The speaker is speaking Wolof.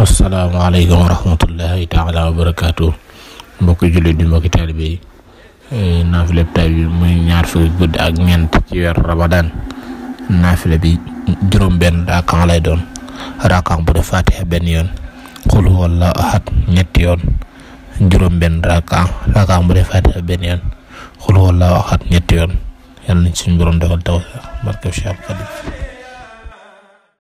asalaamaaleykum wa rahmatullahi taala wa barakaatu mbokki jullit di mbokki taalibe yi naafile bi tey bi muy ñaar fukki guddi ak ñeent ci weer Ramadan naafile bi juróom-benn raakan lay doon raakan bu def Faatiha benn yoon xul huwallahu ahad ñetti yoon. juróom-benn raaka raaka bu dee faatiha beneen yoon xul wallaahu ahad ñetti yoon yàlla nañ suñu borom defal taw barke Cheikh